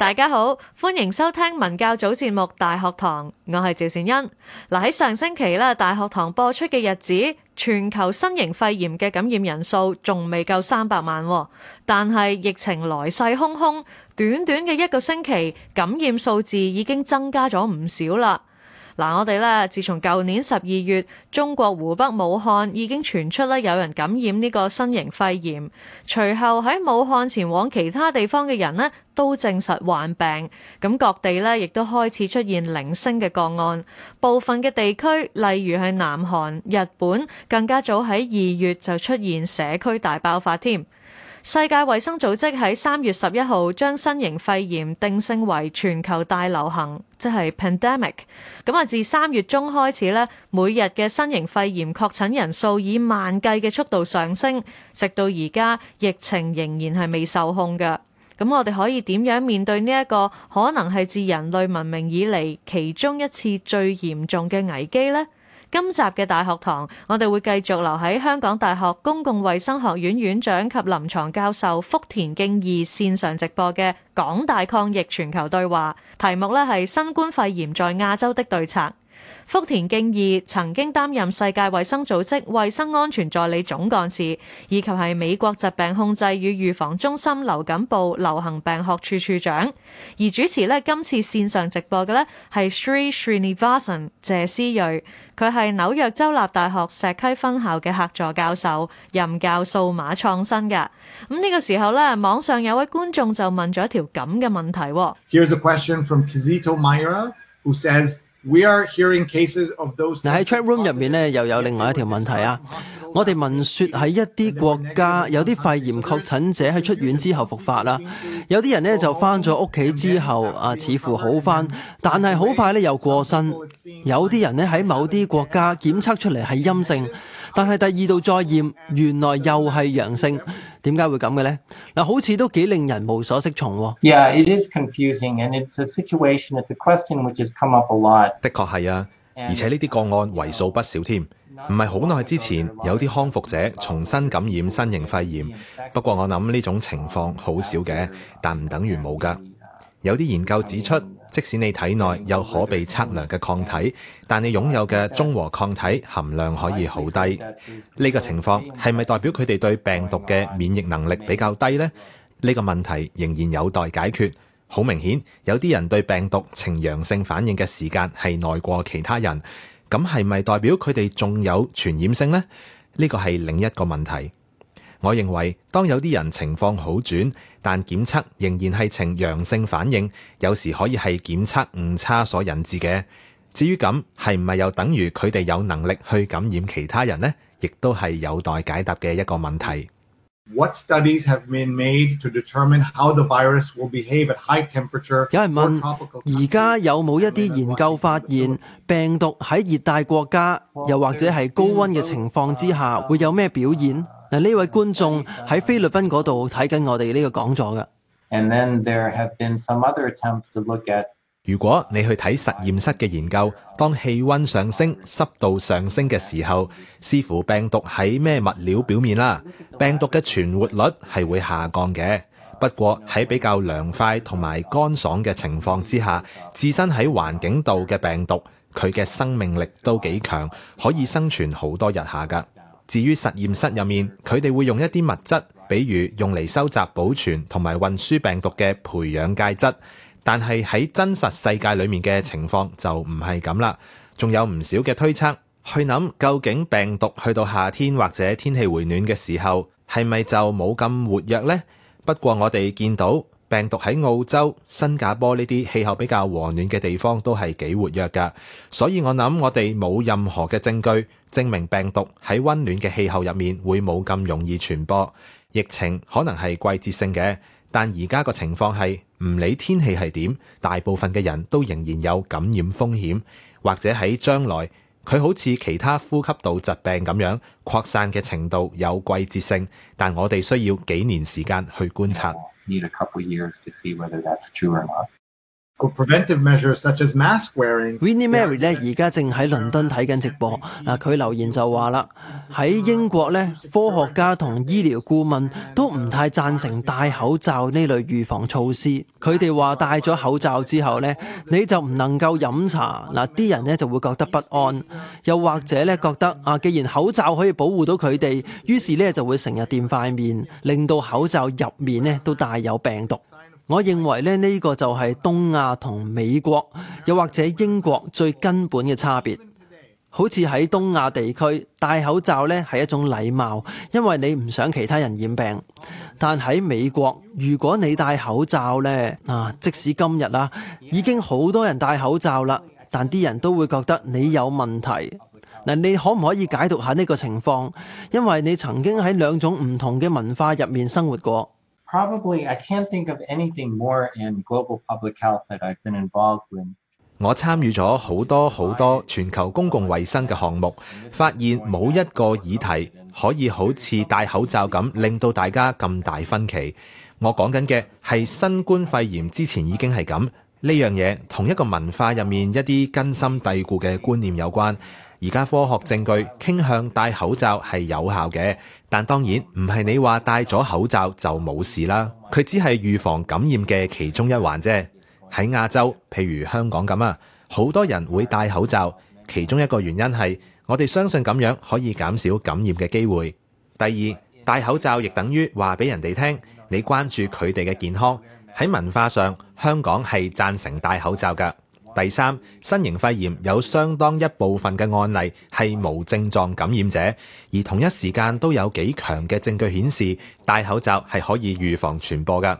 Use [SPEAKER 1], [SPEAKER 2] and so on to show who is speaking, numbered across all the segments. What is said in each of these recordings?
[SPEAKER 1] 大家好，歡迎收聽文教組節目《大學堂》，我係趙善恩。嗱，喺上星期咧，《大學堂》播出嘅日子，全球新型肺炎嘅感染人數仲未夠三百萬，但係疫情來勢洶洶，短短嘅一個星期，感染數字已經增加咗唔少啦。嗱，我哋咧，自從舊年十二月，中國湖北武漢已經傳出咧有人感染呢個新型肺炎，隨後喺武漢前往其他地方嘅人呢，都證實患病。咁各地呢亦都開始出現零星嘅個案，部分嘅地區例如係南韓、日本，更加早喺二月就出現社區大爆發添。世界衛生組織喺三月十一號將新型肺炎定性為全球大流行，即係 pandemic。咁啊，自三月中開始咧，每日嘅新型肺炎確診人數以萬計嘅速度上升，直到而家疫情仍然係未受控嘅。咁我哋可以點樣面對呢一個可能係自人類文明以嚟其中一次最嚴重嘅危機呢？今集嘅大學堂，我哋會繼續留喺香港大學公共衛生學院院長及臨床教授福田敬二線上直播嘅港大抗疫全球對話，題目呢係新冠肺炎在亞洲的對策。福田敬二曾經擔任世界衛生組織衛生安全助理總幹事，以及係美國疾病控制與預防中心流感部流行病學處處長。而主持呢今次線上直播嘅呢，係 Sri Srinivasan 謝思睿，佢係紐約州立大學石溪分校嘅客座教授，任教數碼創新嘅。咁、嗯、呢、這個時候呢，網上有位觀眾就問咗一條咁嘅問題、哦、
[SPEAKER 2] ，Here's a question from Kizito Myra，who says 嗱
[SPEAKER 3] 喺 chat room 入面咧又有另外一條問題啊！我哋聞説喺一啲國家有啲肺炎確診者喺出院之後復發啦，有啲人咧就返咗屋企之後啊，似乎好返，但係好快咧又過身；有啲人咧喺某啲國家檢測出嚟係陰性。但係第二度再驗，原來又係陽性，點解會咁嘅呢？嗱，好似都幾令人無所適從喎。Yeah, it is
[SPEAKER 2] confusing and it's a situation, it's a question which has come up a lot。的確係啊，而且呢啲個案為數不少添，唔係好耐之前有啲康復者重新感染新型肺炎，不過我諗呢種情況好少嘅，但唔等於冇㗎。有啲研究指出。即使你體內有可被測量嘅抗體，但你擁有嘅中和抗體含量可以好低。呢個情況係咪代表佢哋對病毒嘅免疫能力比較低呢？呢個問題仍然有待解決。好明顯，有啲人對病毒呈陽性反應嘅時間係耐過其他人，咁係咪代表佢哋仲有傳染性呢？呢個係另一個問題。我認為當有啲人情況好轉。但檢測仍然係呈陽性反應，有時可以係檢測誤差所引致嘅。至於咁係唔係又等於佢哋有能力去感染其他人呢？亦都係有待解答嘅一個問題。
[SPEAKER 3] What studies have been made to determine how the virus will behave at high temperature, or tropical countries? 有人問：而家有冇一啲研究發現病毒喺熱帶國家，又或者係高温嘅情況之下，會有咩表現？嗱，呢位觀眾喺菲律賓嗰度睇緊我哋呢個講座㗎。
[SPEAKER 2] 如果你去睇實驗室嘅研究，當氣温上升、濕度上升嘅時候，視乎病毒喺咩物料表面啦，病毒嘅存活率係會下降嘅。不過喺比較涼快同埋乾爽嘅情況之下，置身喺環境度嘅病毒，佢嘅生命力都幾強，可以生存好多日下㗎。至於實驗室入面，佢哋會用一啲物質，比如用嚟收集、保存同埋運輸病毒嘅培養介質。但係喺真實世界裏面嘅情況就唔係咁啦。仲有唔少嘅推測去諗，究竟病毒去到夏天或者天氣回暖嘅時候，係咪就冇咁活躍呢？不過我哋見到病毒喺澳洲、新加坡呢啲氣候比較和暖嘅地方都係幾活躍㗎，所以我諗我哋冇任何嘅證據。證明病毒喺温暖嘅氣候入面會冇咁容易傳播，疫情可能係季節性嘅，但而家個情況係唔理天氣係點，大部分嘅人都仍然有感染風險，或者喺將來，佢好似其他呼吸道疾病咁樣擴散嘅程度有季節性，但我哋需要幾年時間去觀察。
[SPEAKER 3] 維尼瑪麗咧，而家正喺倫敦睇緊直播。嗱，佢留言就話啦，喺英國咧，科學家同醫療顧問都唔太贊成戴口罩呢類預防措施。佢哋話戴咗口罩之後咧，你就唔能夠飲茶。嗱，啲人咧就會覺得不安，又或者咧覺得啊，既然口罩可以保護到佢哋，於是咧就會成日掂塊面，令到口罩入面咧都帶有病毒。我認為咧，呢個就係東亞同美國，又或者英國最根本嘅差別。好似喺東亞地區戴口罩呢，係一種禮貌，因為你唔想其他人染病。但喺美國，如果你戴口罩呢，嗱、啊、即使今日啦，已經好多人戴口罩啦，但啲人都會覺得你有問題。嗱，你可唔可以解讀下呢個情況？因為你曾經喺兩種唔同嘅文化入面生活過。Probably, I can't think of anything more in global public health that I've been involved with. 我
[SPEAKER 2] 參與咗好多好多全球公共衞生嘅項目，發現冇一個議題可以好似戴口罩咁，令到大家咁大分歧。我講緊嘅係新冠肺炎之前已經係咁，呢樣嘢同、這個、一個文化入面一啲根深蒂固嘅觀念有關。而家科學證據傾向戴口罩係有效嘅，但當然唔係你話戴咗口罩就冇事啦。佢只係預防感染嘅其中一環啫。喺亞洲，譬如香港咁啊，好多人會戴口罩，其中一個原因係我哋相信咁樣可以減少感染嘅機會。第二，戴口罩亦等於話俾人哋聽，你關注佢哋嘅健康。喺文化上，香港係贊成戴口罩㗎。第三，新型肺炎有相當一部分嘅案例係無症狀感染者，而同一時間都有幾強嘅證據顯示戴口罩係可以預防傳播㗎。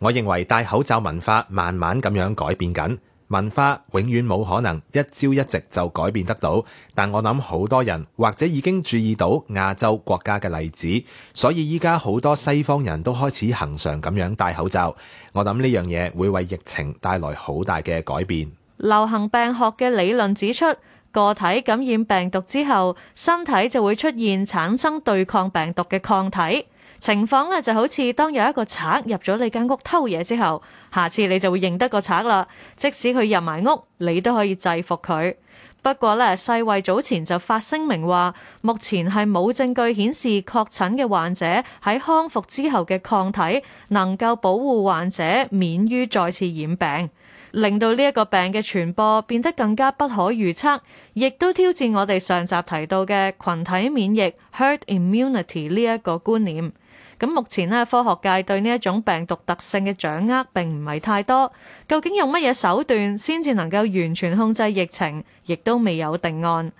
[SPEAKER 2] 我認為戴口罩文化慢慢咁樣改變緊，文化永遠冇可能一朝一夕就改變得到。但我諗好多人或者已經注意到亞洲國家嘅例子，所以依家好多西方人都開始恒常咁樣戴口罩。我諗呢樣嘢會為疫情帶來好大嘅改變。
[SPEAKER 1] 流行病學嘅理論指出，個體感染病毒之後，身體就會出現產生對抗病毒嘅抗體。情況呢就好似當有一個賊入咗你間屋偷嘢之後，下次你就會認得個賊啦，即使佢入埋屋，你都可以制服佢。不過呢，世衛早前就發聲明話，目前係冇證據顯示確診嘅患者喺康復之後嘅抗體能夠保護患者免於再次染病。令到呢一個病嘅傳播變得更加不可預測，亦都挑戰我哋上集提到嘅群體免疫 （herd immunity） 呢一個觀念。咁目前咧，科學界對呢一種病毒特性嘅掌握並唔係太多。究竟用乜嘢手段先至能夠完全控制疫情，亦都未有定案。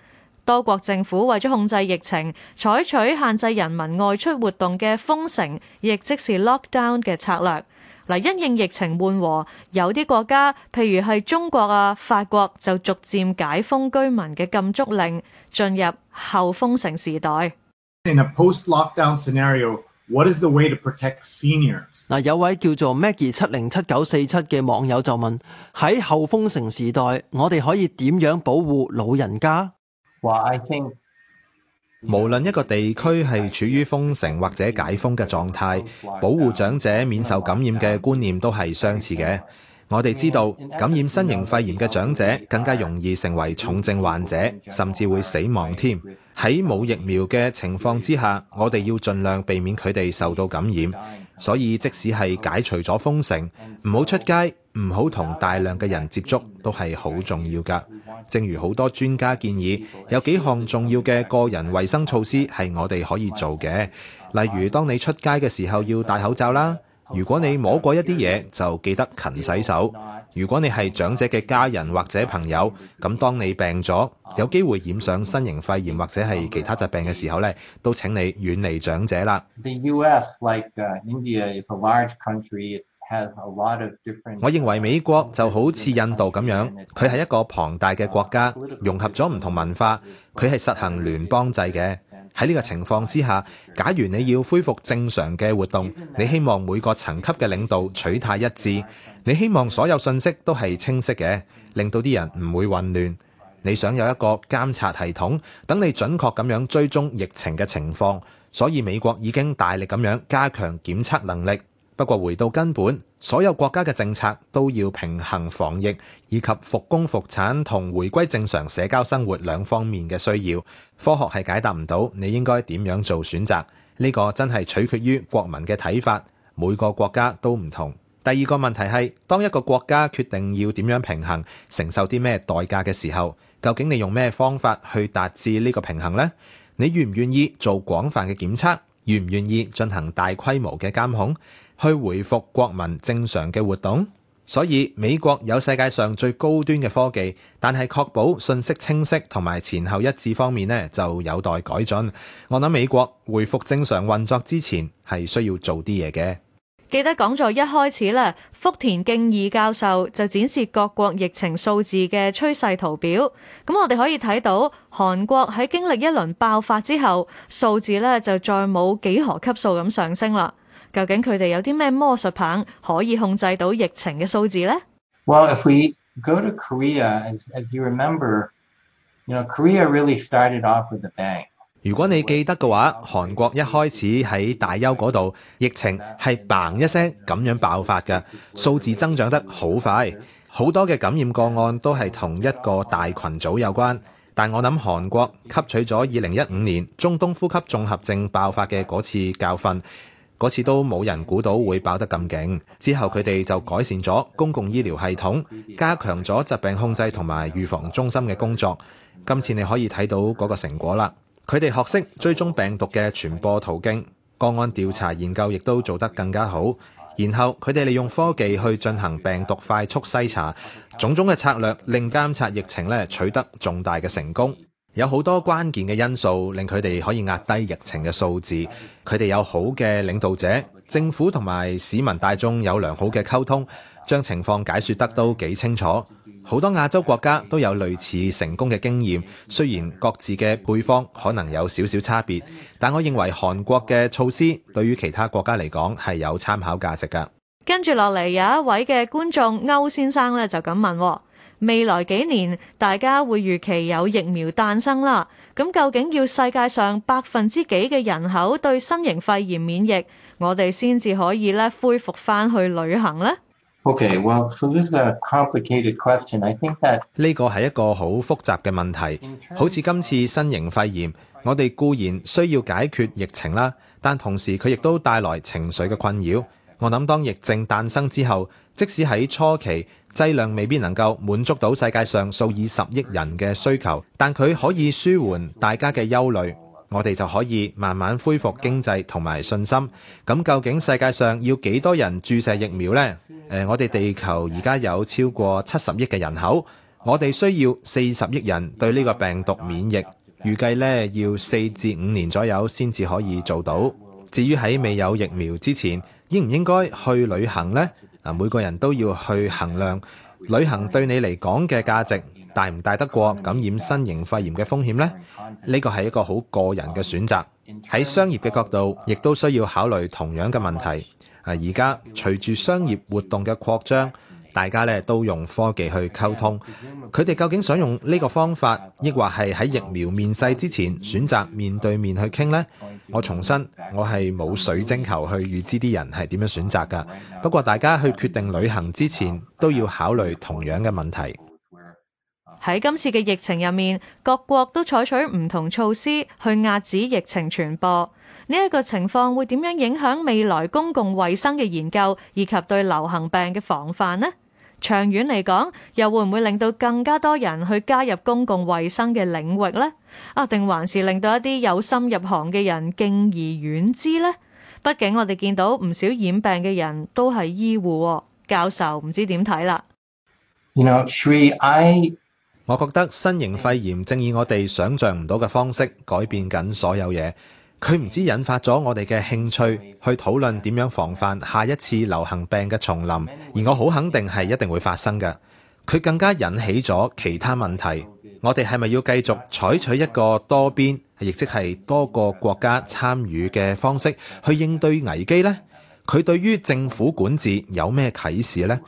[SPEAKER 1] 多國政府為咗控制疫情，採取限制人民外出活動嘅封城，亦即是 lockdown 嘅策略。嗱，因應疫情緩和，有啲國家譬如係中國啊、法國就逐漸解封居民嘅禁足令，進入後封城時代。
[SPEAKER 3] 喺後封城時代，我哋可以點樣保護老人家？嗱，有位叫做 Maggie 七零七九四七嘅網友就問：喺後封城時代，我哋可以點樣保護老人家？無論一個地區係處於封城或者解
[SPEAKER 2] 封嘅狀態，保護長者免受感染嘅觀念都係相似嘅。我哋知道，感染新型肺炎嘅長者更加容易成為重症患者，甚至會死亡添。喺冇疫苗嘅情況之下，我哋要盡量避免佢哋受到感染，所以即使係解除咗封城，唔好出街。唔好同大量嘅人接觸，都係好重要噶。正如好多專家建議，有幾項重要嘅個人衞生措施係我哋可以做嘅，例如當你出街嘅時候要戴口罩啦。如果你摸過一啲嘢，就記得勤洗手。如果你係長者嘅家人或者朋友，咁當你病咗，有機會染上新型肺炎或者係其他疾病嘅時候咧，都請你遠離長者啦。我認為美國就好似印度咁樣，佢係一個龐大嘅國家，融合咗唔同文化。佢係實行聯邦制嘅。喺呢個情況之下，假如你要恢復正常嘅活動，你希望每個層級嘅領導取態一致，你希望所有信息都係清晰嘅，令到啲人唔會混亂。你想有一個監察系統，等你準確咁樣追蹤疫情嘅情況。所以美國已經大力咁樣加強檢測能力。不過回到根本，所有國家嘅政策都要平衡防疫以及復工復產同回歸正常社交生活兩方面嘅需要。科學係解答唔到，你應該點樣做選擇，呢個真係取決於國民嘅睇法，每個國家都唔同。第二個問題係，當一個國家決定要點樣平衡，承受啲咩代價嘅時候，究竟你用咩方法去達至呢個平衡呢？你願唔願意做廣泛嘅檢測？願唔願意進行大規模嘅監控？去回復國民正常嘅活動，所以美國有世界上最高端嘅科技，但係確保信息清晰同埋前後一致方面呢就有待改進。我諗美國回復正常運作之前係需要做啲嘢嘅。
[SPEAKER 1] 記得講座一開始咧，福田敬二教授就展示各國疫情數字嘅趨勢圖表。咁我哋可以睇到韓國喺經歷一輪爆發之後數字咧就再冇幾何級數咁上升啦。究竟佢哋有啲咩魔術棒可以控制到疫情嘅數字呢
[SPEAKER 3] ？Well, if we go to Korea, as, as you remember, you know, Korea really started off with a bang.
[SPEAKER 2] 如果你記得嘅話，韓國一開始喺大邱嗰度，疫情係砰一聲咁樣爆發嘅，數字增長得好快，好多嘅感染個案都係同一個大群組有關。但我諗韓國吸取咗二零一五年中東呼吸綜合症爆發嘅嗰次教訓。嗰次都冇人估到會爆得咁勁，之後，佢哋就改善咗公共醫療系統，加強咗疾病控制同埋預防中心嘅工作。今次你可以睇到嗰個成果啦。佢哋學識追蹤病毒嘅傳播途徑，個案調查研究亦都做得更加好。然後，佢哋利用科技去進行病毒快速篩查，種種嘅策略令監察疫情咧取得重大嘅成功。有好多關鍵嘅因素令佢哋可以壓低疫情嘅數字，佢哋有好嘅領導者，政府同埋市民大眾有良好嘅溝通，將情況解說得都幾清楚。好多亞洲國家都有類似成功嘅經驗，雖然各自嘅配方可能有少少差別，但我認為韓國嘅措施對於其他國家嚟講係有參考價值㗎。跟
[SPEAKER 1] 住落嚟有一位嘅觀眾歐先生咧就咁問。未來幾年，大家會預期有疫苗誕生啦。咁究竟要世界上百分之幾嘅人口對新型肺炎免疫，我哋先至可以咧恢復翻去旅行呢
[SPEAKER 3] ？Okay, well, so this
[SPEAKER 2] is a complicated question. I think that 呢個係一個好複雜嘅問題。好似今次新型肺炎，我哋固然需要解決疫情啦，但同時佢亦都帶來情緒嘅困擾。我諗，當疫症誕生之後，即使喺初期劑量未必能夠滿足到世界上數以十億人嘅需求，但佢可以舒緩大家嘅憂慮。我哋就可以慢慢恢復經濟同埋信心。咁究竟世界上要幾多人注射疫苗呢？誒、呃，我哋地球而家有超過七十億嘅人口，我哋需要四十億人對呢個病毒免疫。預計呢要四至五年左右先至可以做到。至於喺未有疫苗之前，應唔應該去旅行呢？嗱，每個人都要去衡量旅行對你嚟講嘅價值大唔大得過感染新型肺炎嘅風險呢？呢個係一個好個人嘅選擇。喺商業嘅角度，亦都需要考慮同樣嘅問題。啊，而家隨住商業活動嘅擴張，大家咧都用科技去溝通，佢哋究竟想用呢個方法，亦或係喺疫苗面世之前選擇面對面去傾呢？我重申，我係冇水晶球去預知啲人係點樣選擇噶。不過大家去決定旅行之前都要考慮同樣嘅問題。
[SPEAKER 1] 喺今次嘅疫情入面，各國都採取唔同措施去遏止疫情傳播。呢一個情況會點樣影響未來公共衛生嘅研究以及對流行病嘅防範呢？長遠嚟講，又會唔會令到更加多人去加入公共衛生嘅領域呢？啊，定還是令到一啲有心入行嘅人敬而遠之呢？畢竟我哋見到唔少染病嘅人都係醫護、教授，唔知點睇啦。
[SPEAKER 2] You know, Sree, I，我覺得新型肺炎正以我哋想象唔到嘅方式改變緊所有嘢。佢唔知引發咗我哋嘅興趣去討論點樣防範下一次流行病嘅重臨，而我好肯定係一定會發生嘅。佢更加引起咗其他問題，我哋係咪要繼續採取一個多邊，亦即係多個國家參與嘅方式去應對危機呢？佢對於政府管治有咩啟示呢？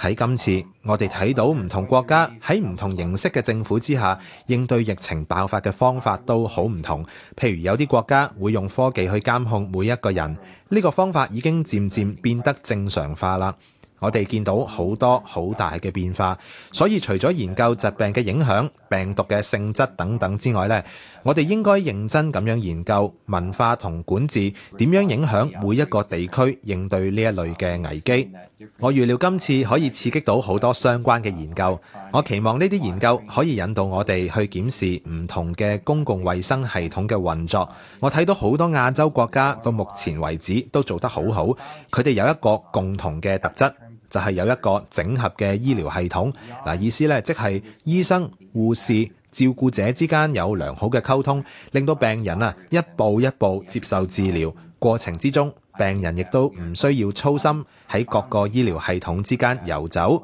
[SPEAKER 2] 喺今次，我哋睇到唔同國家喺唔同形式嘅政府之下，應對疫情爆發嘅方法都好唔同。譬如有啲國家會用科技去監控每一個人，呢個方法已經漸漸變得正常化啦。我哋見到好多好大嘅變化，所以除咗研究疾病嘅影響、病毒嘅性質等等之外呢，我哋應該認真咁樣研究文化同管治點樣影響每一個地區應對呢一類嘅危機。我預料今次可以刺激到好多相關嘅研究。我期望呢啲研究可以引導我哋去檢視唔同嘅公共衛生系統嘅運作。我睇到好多亞洲國家到目前為止都做得好好，佢哋有一個共同嘅特質。就係有一個整合嘅醫療系統嗱，意思咧，即係醫生、護士、照顧者之間有良好嘅溝通，令到病人啊，一步一步接受治療。過程之中，病人亦都唔需要操心喺各個醫療系統之間遊走。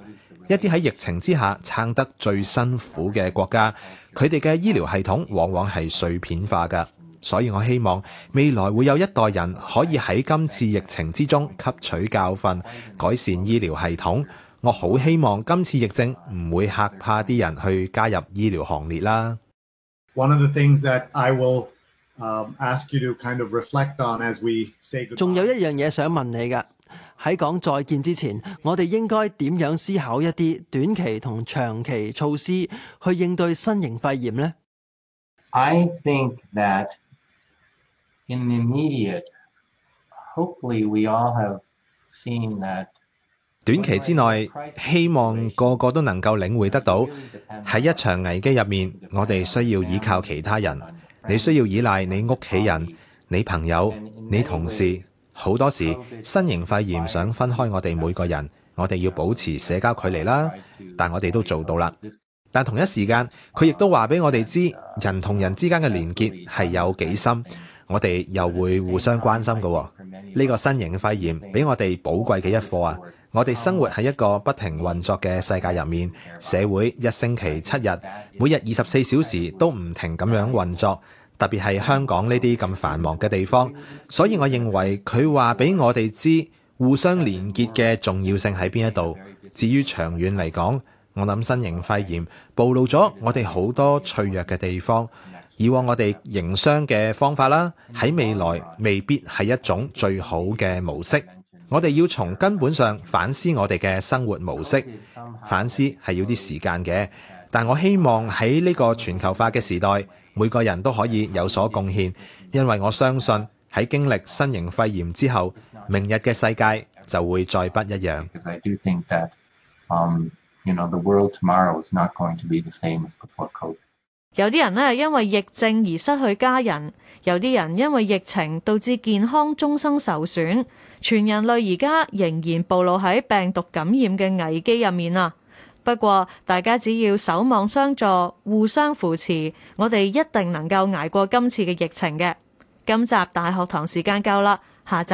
[SPEAKER 2] 一啲喺疫情之下撐得最辛苦嘅國家，佢哋嘅醫療系統往往係碎片化㗎。所以我希望未來會有一代人可以喺今次疫情之中吸取教訓，改善醫療系統。我好希望今次疫症唔會嚇怕啲人去加入醫療行列啦。
[SPEAKER 3] 仲有一樣嘢想問你㗎，喺講再見之前，我哋應該點樣思考一啲短期同長期措施去應對新型肺炎呢？I think that
[SPEAKER 2] 短期之內，希望個個都能夠領會得到，喺一場危機入面，我哋需要依靠其他人，你需要依賴你屋企人、你朋友、你同事。好多時新型肺炎想分開我哋每個人，我哋要保持社交距離啦，但我哋都做到啦。但同一時間，佢亦都話俾我哋知，人同人之間嘅連結係有幾深。我哋又會互相關心嘅、哦，呢、這個新型肺炎俾我哋寶貴嘅一課啊！我哋生活喺一個不停運作嘅世界入面，社會一星期七日，每日二十四小時都唔停咁樣運作，特別係香港呢啲咁繁忙嘅地方。所以，我認為佢話俾我哋知互相連結嘅重要性喺邊一度。至於長遠嚟講，我諗新型肺炎暴露咗我哋好多脆弱嘅地方。以往我哋營商嘅方法啦，喺未來未必係一種最好嘅模式。我哋要從根本上反思我哋嘅生活模式。反思係要啲時間嘅，但我希望喺呢個全球化嘅時代，每個人都可以有所貢獻，因為我相信喺經歷新型肺炎之後，明日嘅世界就會再不一樣。
[SPEAKER 1] 有啲人呢，因為疫症而失去家人，有啲人因為疫情導致健康終生受損，全人類而家仍然暴露喺病毒感染嘅危機入面啊！不過大家只要守望相助、互相扶持，我哋一定能夠捱過今次嘅疫情嘅。今集大學堂時間夠啦，下集。